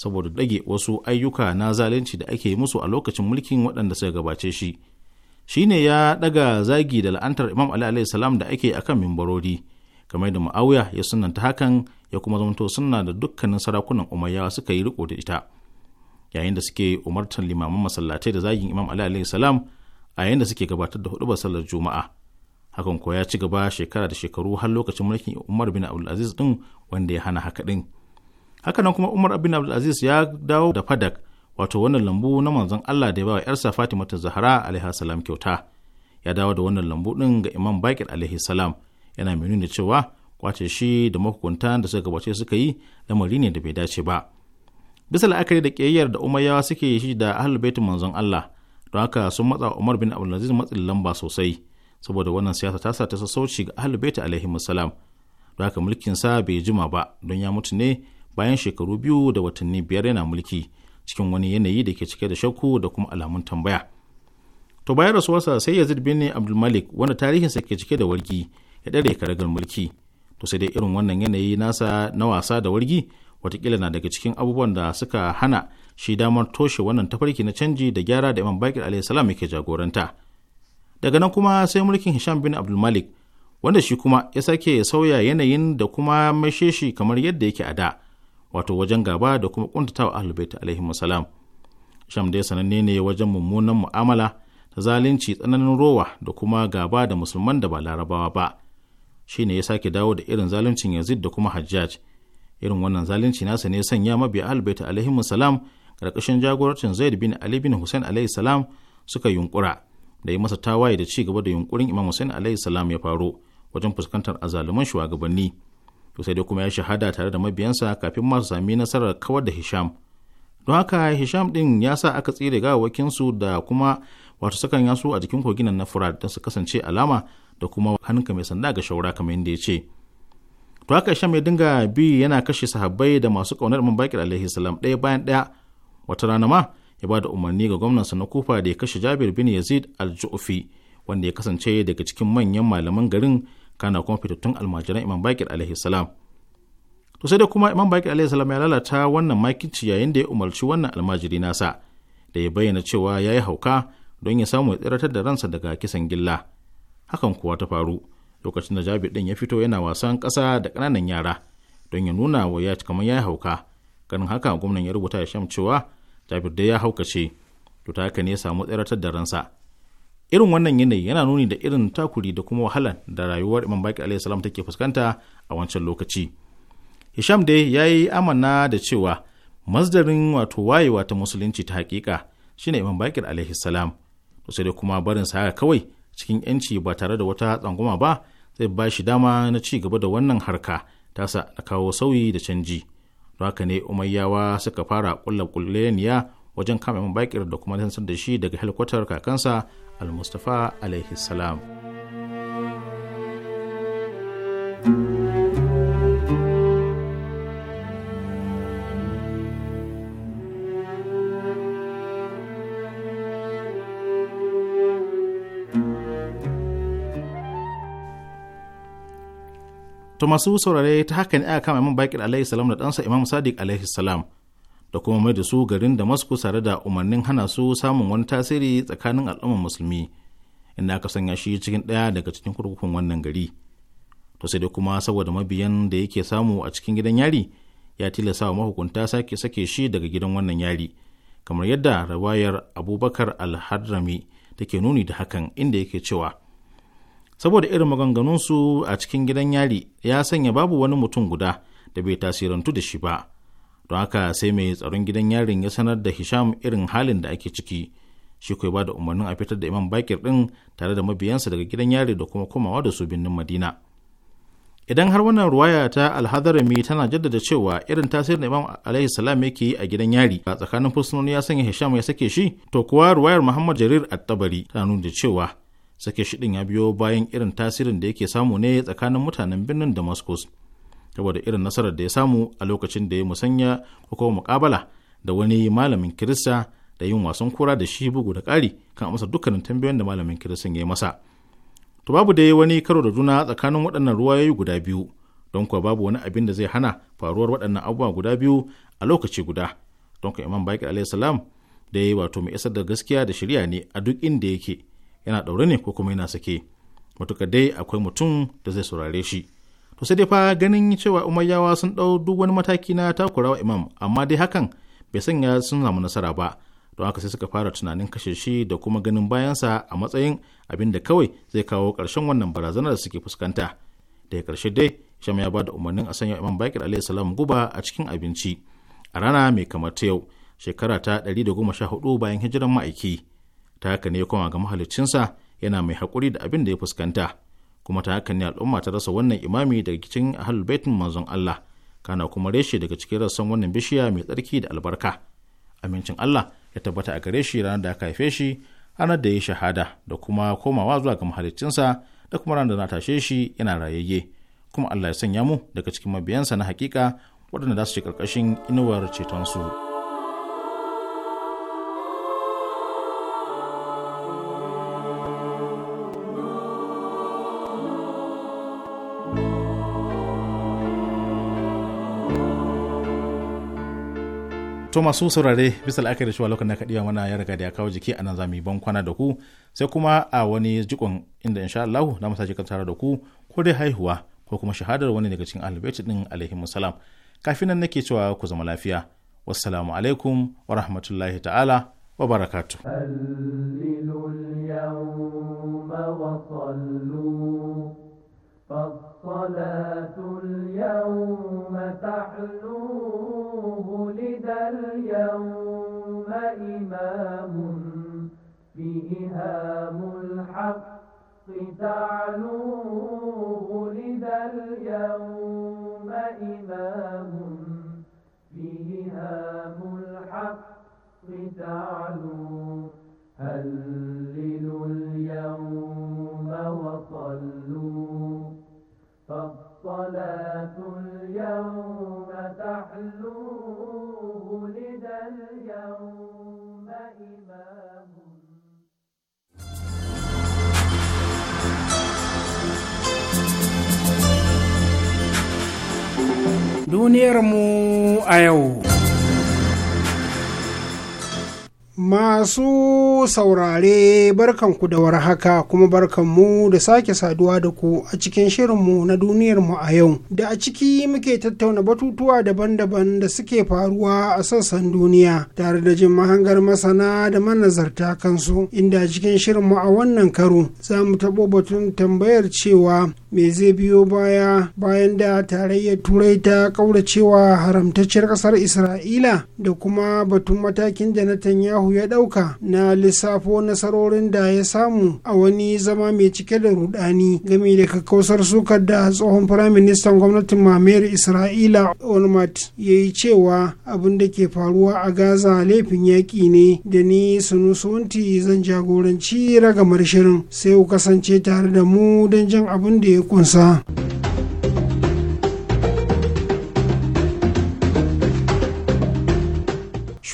saboda dage wasu ayyuka na zalunci da ake yi musu a lokacin mulkin waɗanda suka gabace shi shi ne ya ɗaga zagi da la'antar imam ali alaihi salam da ake a kan mimbarori kamar da ma'auya ya sunanta hakan ya kuma zamanto sunna da dukkanin sarakunan umayyawa suka yi riko da ita yayin da suke umartar limaman masallatai da zagin imam ali alaihi salam a yayin da suke gabatar da hudubar sallar juma'a hakan ko ya ci gaba shekara da shekaru har lokacin mulkin umar bin abdulaziz din wanda ya hana haka din hakanan kuma umar bin abdulaziz ya dawo da fadak wato wannan lambu na manzon allah da ya bawa yarsa fatima ta zahra alaiha salam kyauta ya dawo da wannan lambu din ga imam bakir alaihi salam yana mai nuna cewa kwace shi da mahukunta da suka gabace suka yi lamari ne da bai dace ba bisa la'akari da kiyayyar da umayyawa suke shi da ahlul baitin manzon allah don sun matsa umar bin abdulaziz matsin lamba sosai saboda wannan siyasa ta sa ta sassauci ga ahlul baiti alaihi salam don mulkin sa bai jima ba don ya mutu ne bayan shekaru biyu da watanni biyar yana mulki cikin wani yanayi da ke cike da shakku da kuma alamun tambaya to bayan rasuwarsa sai yazid bin abdulmalik wanda tarihinsa ke cike da wargi ya dare karagar mulki to sai dai irin wannan yanayi nasa na wasa da wargi watakila na daga cikin abubuwan da suka hana shi damar toshe wannan tafarki na canji da gyara da Imam Bakir alayhi salam yake jagoranta. Daga nan kuma sai mulkin Hisham bin Abdul Malik wanda shi kuma ya sake sauya yanayin da kuma maishe shi kamar yadda yake a da wato wajen gaba da kuma kuntatawa Ahlul Bait alaihi salam. Hisham dai sananne ne wajen mummunan mu'amala ta zalunci tsananin rowa da kuma gaba da musulman da ba larabawa ba. Shi ne ya sake dawo da irin zaluncin Yazid da kuma Hajjaj. Irin wannan zalunci nasa ne sanya mabiya Ahlul Bait alaihi salam ƙarƙashin jagorancin zaid bin ali bin hussein alayhi salam suka yunkura da yi masa tawaye da ci gaba da yunkurin imam hussein alayhi salam ya faro wajen fuskantar azaluman shugabanni to sai dai kuma ya shahada tare da mabiyansa kafin masu sami nasarar kawar da hisham don haka hisham din ya sa aka tsire su da kuma wato sakan yasu a jikin koginan na furat don su kasance alama da kuma hannunka mai sanda ga shaura kamar yadda ya ce to haka hisham ya dinga bi yana kashe sahabbai da masu kaunar imam bakir alaihi salam ɗaya bayan ɗaya wata rana ma ya ba da umarni ga sa na kufa da ya kashe jabir bin yazid al-ju'fi wanda ya kasance daga cikin manyan malaman garin kana kuma fitattun almajiran imam bakir alaihi salam to sai dai kuma imam bakir alaihi salam ya lalata wannan makinci yayin da ya umarci wannan almajiri nasa da ya bayyana cewa ya yi hauka don ya samu ya tsiratar da ransa daga kisan gilla hakan kuwa ta faru lokacin da jabir din ya fito yana wasan kasa da kananan yara don ya nuna wa ya kamar ya yi hauka ganin haka gwamnan ya rubuta ya sham cewa jabir dai ya haukace to ta haka ne ya samu tsiratar da ransa irin wannan yanayi yana nuni da irin takuri da kuma wahalan da rayuwar imam baki alayhi salam take fuskanta a wancan lokaci hisham dai ya yi amana da cewa masdarin wato wayewa ta musulunci ta hakika shine imam bakir alayhi salam to sai dai kuma barin sa kawai cikin yanci ba tare da wata tsangwama ba zai ba shi dama na ci gaba da wannan harka tasa a kawo sauyi da canji haka ne umayyawa suka fara kulla kulleniya wajen kama bakir da kuma tantar da shi daga helikwatar kakansa al-mustafa alaihi Wato masu saurare ta haka ne aka kama Imam Bakir alaihi salam da ɗansa Imam Sadiq alaihi salam da kuma mai da su garin Damascus tare da umarnin hana su samun wani tasiri tsakanin al'ummar musulmi inda aka sanya shi cikin ɗaya daga cikin kurkukun wannan gari. To sai dai kuma saboda mabiyan da yake samu a cikin gidan yari ya tilasta wa mahukunta sake sake shi daga gidan wannan yari kamar yadda rawayar Abubakar Al-Hadrami take nuni da hakan inda yake cewa saboda irin maganganunsu a cikin gidan yari ya sanya babu wani mutum guda da bai tasirantu da shi ba don haka sai mai tsaron gidan yarin ya sanar da hisham irin halin da ake ciki shi kai ba da umarnin a fitar da imam bakir din tare da mabiyansa daga gidan yari da kuma komawa da su birnin madina idan har wannan ruwaya ta alhadarami tana jaddada cewa irin tasirin imam alaihi salam yake yi a gidan yari a tsakanin fursunoni ya sanya hisham ya sake shi to kuwa ruwayar muhammad jarir at-tabari tana nuna cewa sake shiɗin ya biyo bayan irin tasirin da yake samu ne tsakanin mutanen birnin damascus saboda irin nasarar da ya samu a lokacin da ya musanya ko kuma mukabala da wani malamin kirista da yin wasan kura da shi bugu da ƙari kan amsa dukkanin tambayoyin da malamin kiristan ya yi masa to babu dai wani karo da juna tsakanin waɗannan ruwayoyi guda biyu don kuwa babu wani abin da zai hana faruwar waɗannan abubuwa guda biyu a lokaci guda don kuwa imam bakir alayhi salam da ya yi wato mai isar da gaskiya da shirya ne a duk inda yake yana ɗaure ne ko kuma yana sake matuƙa dai akwai mutum da zai saurare shi to sai dai fa ganin cewa umayyawa sun ɗau duk wani mataki na takurawa imam amma dai hakan bai sanya sun samu nasara ba don haka sai suka fara tunanin kashe shi da kuma ganin bayansa a matsayin abin da kawai zai kawo ƙarshen wannan barazanar da suke fuskanta daga ƙarshe dai sham ya ba da umarnin a sanya imam bakir alayhi guba a cikin abinci a rana mai kamar ta yau shekara ta da sha 114 bayan hijiran ma'aiki ta haka ne ya koma ga mahalicinsa yana mai haƙuri da abin da ya fuskanta kuma ta haka ne al'umma ta rasa wannan imami daga cikin ahlul baitin manzon Allah kana kuma reshe daga cikin rassan wannan bishiya mai tsarki da albarka amincin Allah ya tabbata a gare shi ranar da aka haife shi ranar da ya shahada da kuma komawa zuwa ga mahalicinsa da kuma ranar da na tashe shi yana rayayye kuma Allah ya sanya mu daga cikin mabiyansa na hakika waɗanda za su ci ƙarƙashin inuwar cetonsu. su to masu saurare bisa la'akari cewa lokacin da ka ɗiya mana ya riga da ya kawo jiki a nan za ban kwana da ku sai kuma a wani jikon inda insha Allah na mu sake tare da ku ko dai haihuwa ko kuma shahadar wani daga cikin albaiti din alaihi musalam kafin nan nake cewa ku zama lafiya wassalamu alaikum wa rahmatullahi ta'ala wa barakatuh هللوا فالصلاة اليوم تحلوه لدى اليوم إمام بإهام الحق تعلوه لدى اليوم duniyarmu a yau. Masu saurare barkanku da warhaka kuma barkanmu da sake saduwa da ku a cikin shirinmu na duniyar mu a yau da a ciki muke tattauna batutuwa daban-daban da suke faruwa a sassan duniya tare da jin mahangar masana da manazarta kansu inda a cikin shirinmu a wannan karo za mu taɓo batun tambayar cewa me zai biyo baya bayan da tarayyar turai ta kauracewa haramtacciyar ƙasar isra'ila da kuma batun matakin da na Allahu ya ɗauka na lissafo nasarorin da ya samu a wani zama mai cike da rudani game da kakkausar sukar da tsohon firaministan gwamnatin mamayar Isra'ila Olmert ya yi cewa abin da ke faruwa a Gaza laifin yaƙi ne da ni sunusunti zan jagoranci ragamar shirin sai ku kasance tare da mu don jan abin da ya kunsa.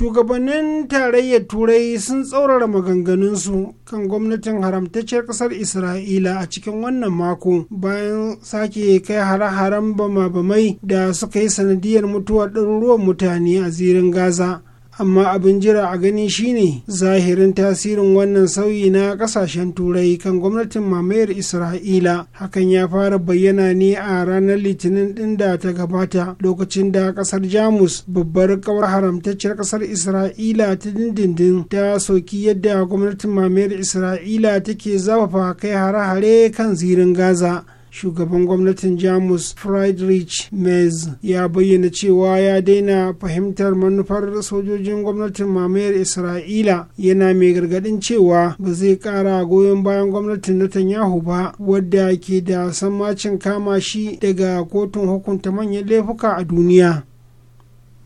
shugabannin tarayyar turai sun tsaurara maganganunsu kan gwamnatin haramtacciyar kasar isra'ila a cikin wannan mako bayan sake kai hare-haren bama-bamai da suka yi sanadiyar mutuwar ɗaruruwan mutane a zirin gaza amma abin jira a gani shine zahirin tasirin wannan sauyi na kasashen turai kan gwamnatin mamayar isra'ila hakan ya fara bayyana ne a ranar litinin din da ta gabata lokacin da kasar jamus babbar kawar haramtacciyar kasar isra'ila ta dindindin ta soki yadda gwamnatin mamayar isra'ila take zafafa kai hare-hare kan zirin gaza shugaban gwamnatin jamus friedrich mez ya bayyana cewa ya daina fahimtar manufar sojojin gwamnatin mamayar isra'ila yana mai gargadin cewa ba zai kara goyon bayan gwamnatin netanyahu ba wadda ke da sammacin kama shi daga kotun hukunta manyan laifuka a duniya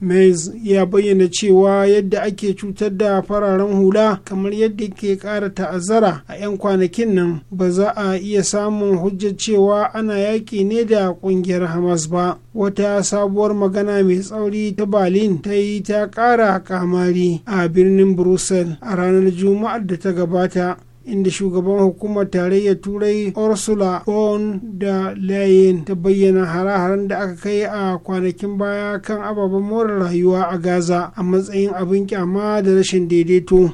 Mays ya bayyana cewa yadda ake cutar da fararen hula kamar yadda ke ƙara ta'azzara a 'yan kwanakin nan ba za a iya samun hujjar cewa ana yaƙi ne da ƙungiyar Hamas ba. Wata sabuwar magana mai tsauri ta Berlin ta yi ta ƙara kamari a birnin Brussels a ranar Juma'ar da ta gabata inda shugaban hukumar tarayyar turai ursula von da leyen ta bayyana hare-haren da aka kai a kwanakin baya kan ababen more rayuwa a gaza a matsayin abin kyama da rashin daidaito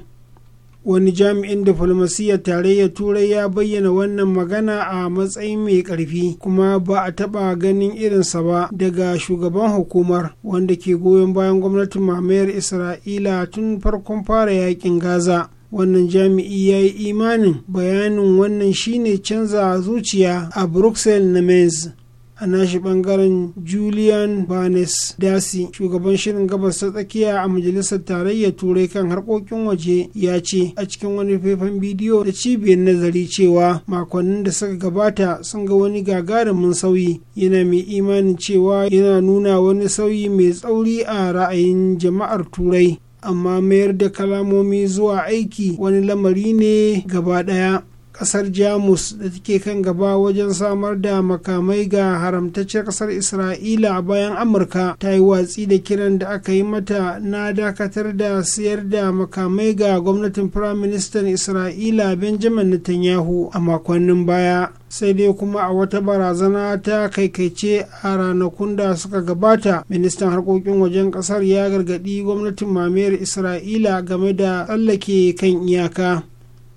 wani jami'in diflomasiyyar tarayyar turai ya bayyana wannan magana a matsayin mai karfi kuma ba a taba ganin irinsa ba daga shugaban hukumar wanda ke goyon bayan gwamnatin mamayar isra'ila tun farkon fara yakin gaza wannan jami'i ya yi imanin bayanin wannan shine canza zuciya a bruxelles na mainz a nashi bangaren julian barnes dasi shugaban shirin gabas ta tsakiya a majalisar tarayyar turai kan harkokin waje ya ce a cikin wani faifan bidiyo da cibiyar nazari cewa makonnin da suka gabata sun ga wani gagarumin sauyi yana mai imanin cewa yana nuna wani sauyi mai tsauri a ra'ayin jama'ar turai amma mayar da kalamomi zuwa aiki wani lamari ne gaba ɗaya kasar jamus da take kan gaba wajen samar da makamai ga haramtacciyar kasar isra'ila a bayan amurka ta yi watsi da kiran da aka yi mata na dakatar da siyar da makamai ga gwamnatin firaministan isra'ila benjamin netanyahu a makonnin baya sai dai kuma a wata barazana ta kaikaice a ranakun da suka gabata ministan harkokin wajen kasar ya gargadi gwamnatin mamayar isra'ila game da tsallake kan iyaka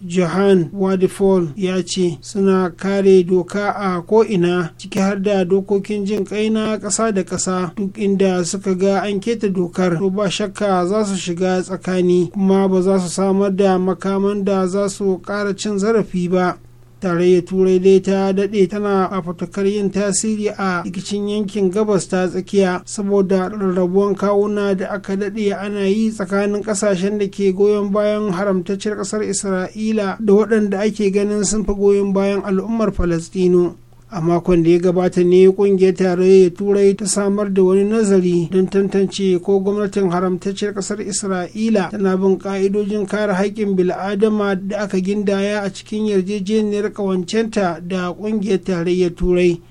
johan wadifol ya ce suna kare doka a ko'ina ciki har da dokokin jin kai na ƙasa da ƙasa duk inda suka ga an keta dokar to ba shakka za su shiga tsakani kuma ba za su samar da makaman da za su ƙara cin zarafi ba tare ya turai dai ta daɗe tana a fatakar yin tasiri a rikicin yankin gabas ta tsakiya saboda rarrabuwan kawuna da aka daɗe ana yi tsakanin ƙasashen da ke goyon bayan haramtacciyar ƙasar isra'ila da waɗanda ake ganin sun fi goyon bayan al'ummar falastino a makon da ya gabata ne kungiyar tarayyar turai ta samar da wani nazari don tantance ko gwamnatin haramtacciyar kasar isra'ila tana bin ka'idojin kare haƙƙin bil'adama da aka gindaya a cikin yarjejeniyar ƙawancenta da kungiyar tarayyar turai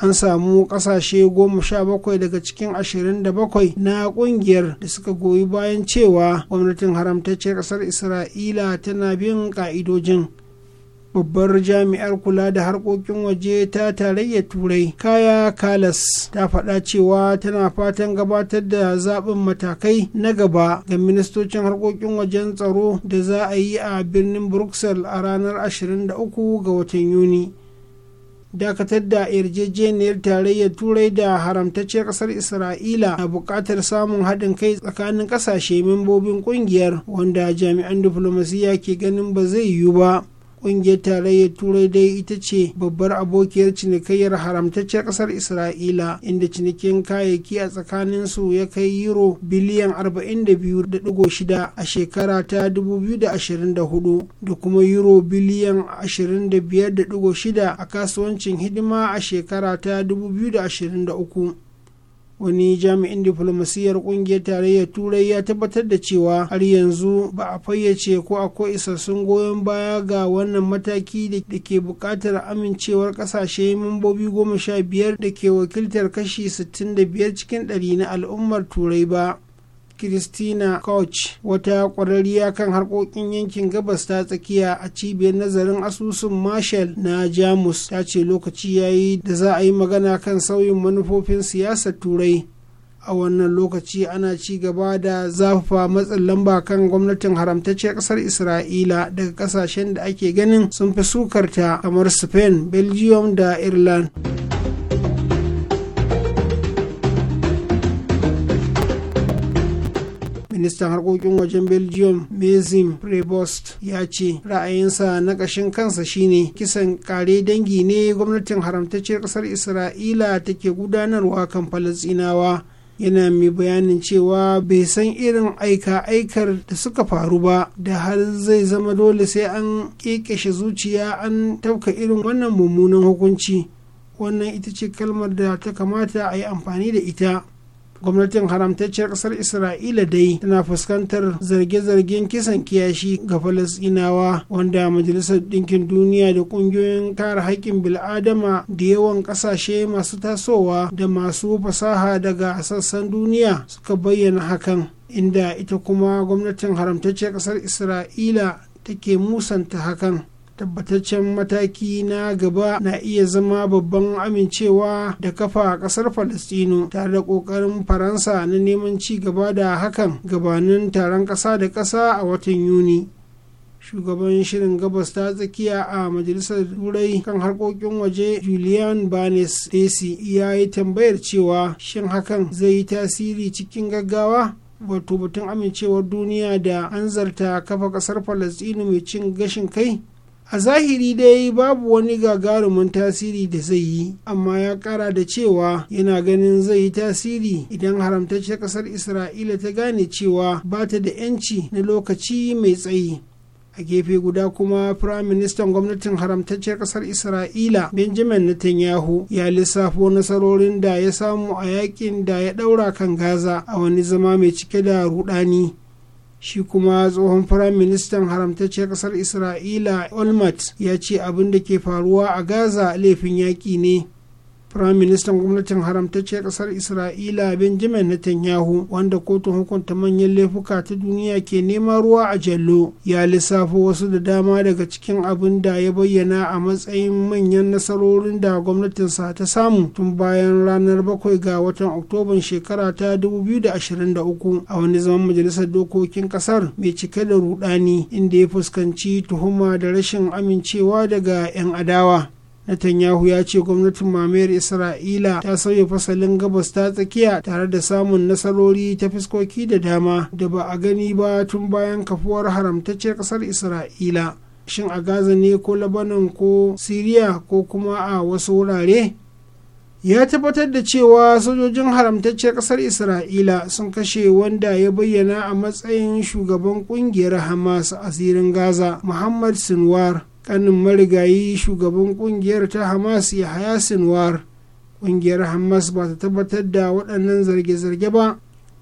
an samu ƙasashe goma sha bakwai daga cikin ashirin da bakwai na ƙungiyar da suka goyi bayan cewa gwamnatin haramtacciyar ƙasar isra'ila tana bin ƙa'idojin. babbar jami'ar kula da harkokin waje ta tarayyar turai kaya kalas ta faɗa cewa tana fatan gabatar da zaɓin matakai na gaba ga ministocin harkokin wajen tsaro da za a yi a birnin bruxelles a ranar 23 ga watan yuni dakatar da yarjejeniyar tarayyar turai da haramtacciyar kasar isra'ila na buƙatar samun haɗin kai tsakanin ƙasashe membobin ƙungiyar wanda jami'an diflomasiyya ke ganin ba zai yiwu ba ƙungiyar tarayyar turai dai ita ce babbar abokiyar cinikayyar haramtacciyar ƙasar isra'ila inda cinikin kayayyaki a tsakanin su ya kai euro biliyan 42.6 a shekara ta 2024 da kuma euro biliyan 25.6 a kasuwancin hidima a shekara ta 2023 wani jami'in diflomasiyyar kungiyar tarayyar turai ya tabbatar da cewa har yanzu ba a fayyace ko akwai isassun goyon baya ga wannan mataki da ke buƙatar amincewar ƙasashe mambobi goma sha biyar da ke wakiltar kashi 65 cikin ɗari na al'ummar turai ba Christina Koch wata ƙwararriya kan harkokin yankin gabas ta tsakiya a cibiyar nazarin asusun Marshall na Jamus ta ce lokaci yayi da za a yi magana kan sauyin manufofin siyasar Turai. a wannan lokaci ana ci gaba da zafafa matsin lamba kan gwamnatin haramtacciyar ƙasar isra'ila daga ƙasashen da ake ganin sun fi sukarta kamar spain belgium da ireland ministan harkokin wajen belgium mezim prebost ya ce ra'ayinsa na ƙashin kansa shine kisan kare dangi ne gwamnatin haramtacciyar ƙasar isra'ila take gudanarwa kan falasinawa yana mai bayanin cewa bai san irin aika-aikar da suka faru ba da har zai zama dole sai an kekeshe zuciya an tafka irin wannan mummunan hukunci wannan ita ce kalmar da ta kamata a yi amfani da ita gwamnatin haramtacciyar kasar isra'ila dai tana fuskantar zarge-zargen kisan kiyashi ga falasinawa wanda majalisar ɗinkin duniya da ƙungiyoyin kare haƙƙin bil'adama da yawan ƙasashe masu tasowa da masu fasaha daga sassan duniya suka bayyana hakan inda ita kuma gwamnatin haramtacciyar ƙasar isra'ila take musanta hakan tabbataccen mataki na gaba na iya zama babban amincewa da kafa kasar falastinu tare da kokarin faransa na neman ci gaba da hakan gabanin taron kasa da kasa a watan yuni shugaban shirin gabas ta tsakiya a majalisar turai kan harkokin waje julian barnes stacy ya yi tambayar cewa shin hakan zai yi tasiri cikin gaggawa wato batun amincewar duniya da an zarta kafa kasar falastinu mai cin gashin kai a zahiri dai babu wani gagarumin tasiri da zai yi amma ya kara da cewa yana ganin zai yi tasiri idan haramtacciyar kasar isra'ila ta gane cewa ba ta da 'yanci na lokaci mai tsayi a gefe guda kuma firayim ministan gwamnatin haramtacciyar kasar isra'ila benjamin netanyahu ya lissafo nasarorin da ya samu a yakin da ya daura kan gaza a wani zama mai cike da rudani shi kuma tsohon Firayim firaministan haramtacciyar ƙasar isra'ila olmert ya ce abin da ke faruwa a gaza laifin yaƙi ne Ministan gwamnatin ce ƙasar Isra'ila Benjamin Netanyahu wanda kotun hukunta manyan laifuka ta duniya ke neman ruwa a jallo ya lissafa wasu da dama daga cikin abin da ya bayyana a matsayin manyan nasarorin da gwamnatinsa ta samu tun bayan ranar bakwai ga watan Oktoban shekara ta 2023 a wani zaman majalisar dokokin Ƙasar mai cike da rudani inda ya fuskanci tuhuma da rashin amincewa daga 'yan adawa. Netanyahu ya ce gwamnatin mamayar Isra'ila ta sauya fasalin gabas ta tsakiya tare da samun nasarori ta fuskoki da dama da ba a gani ba tun bayan kafuwar haramtacciyar ƙasar Isra'ila. Shin a Gaza ne ko Labanon ko Siriya ko kuma a wasu wurare? ya tabbatar da cewa sojojin haramtacciyar ƙasar isra'ila sun kashe wanda ya bayyana a matsayin shugaban ƙungiyar hamas a zirin gaza muhammad sinwar kanin marigayi shugaban kungiyar ta hamas yahaya sinwar kungiyar hamas ba ta tabbatar da waɗannan zarge-zarge ba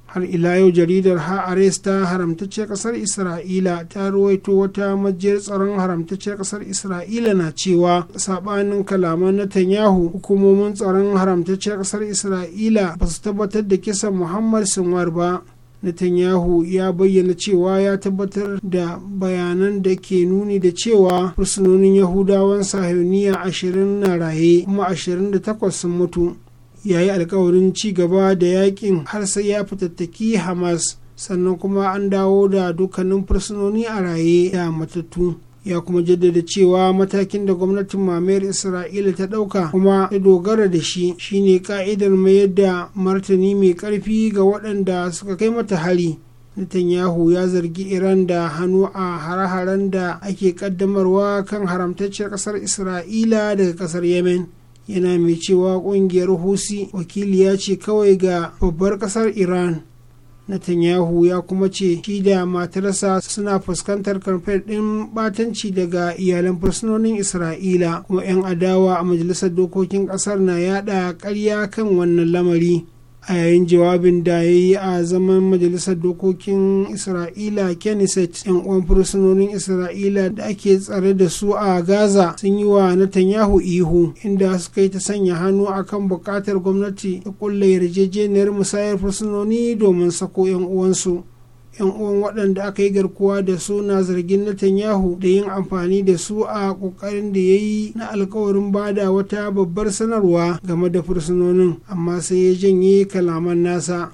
har ila yau jaridar ha'ares ta haramtace ƙasar isra'ila ta ruwaito wata majiyar tsaron haramtacce ƙasar isra'ila na cewa saɓanin kalaman netanyahu hukumomin tsaron haramtace ƙasar isra'ila ba su tabbatar da kisan muhammad sinwar ba Netanyahu ya bayyana cewa ya tabbatar da bayanan da ke nuni da cewa fursunonin Yahudawan sahiyoniya ashirin na raye kuma ashirin da takwas sun mutu. Ya yi alkawarin ci gaba da yakin har sai ya fitattaki Hamas sannan kuma an dawo da dukkanin fursunoni a raye da matattu. ya kuma jaddada cewa matakin da gwamnatin mamayar isra'ila ta ɗauka kuma ta dogara da shi shine ka'idar mai yadda martani mai ƙarfi ga waɗanda suka kai mata hari Netanyahu ya zargi Iran da hannu a hare-haren da ake kaddamarwa kan haramtacciyar ƙasar Isra'ila daga ƙasar Yemen. Yana mai cewa ƙungiyar Husi wakiliya ce kawai ga babbar ƙasar Iran. Netanyahu ya kuma ce shi da matarsa suna fuskantar kamfen ɗin batanci daga iyalan fursunonin Isra'ila kuma 'yan adawa a majalisar dokokin ƙasar na yada karya kan wannan lamari. a yayin jawabin da ya yi a zaman majalisar dokokin isra'ila kenneset yan uwan fursunonin isra'ila da ake tsare da su a gaza sun yi wa netanyahu ihu inda suka yi ta sanya hannu akan bukatar gwamnati ta kulle yarjejeniyar musayar fursunoni domin sako yan uwansu yan uwan waɗanda aka yi garkuwa da su na zargin Netanyahu da yin amfani da su a ƙoƙarin da ya yi na alkawarin bada wata babbar sanarwa game da fursunonin amma sai ya janye kalaman nasa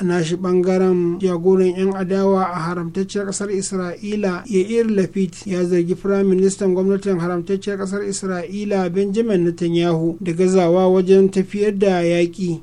a nashi bangaren jagoran 'yan adawa a haramtacciyar ƙasar isra'ila yair lafit ya zargi firaministan gwamnatin haramtacciyar ƙasar isra'ila benjamin netanyahu da gazawa wajen tafiyar da yaƙi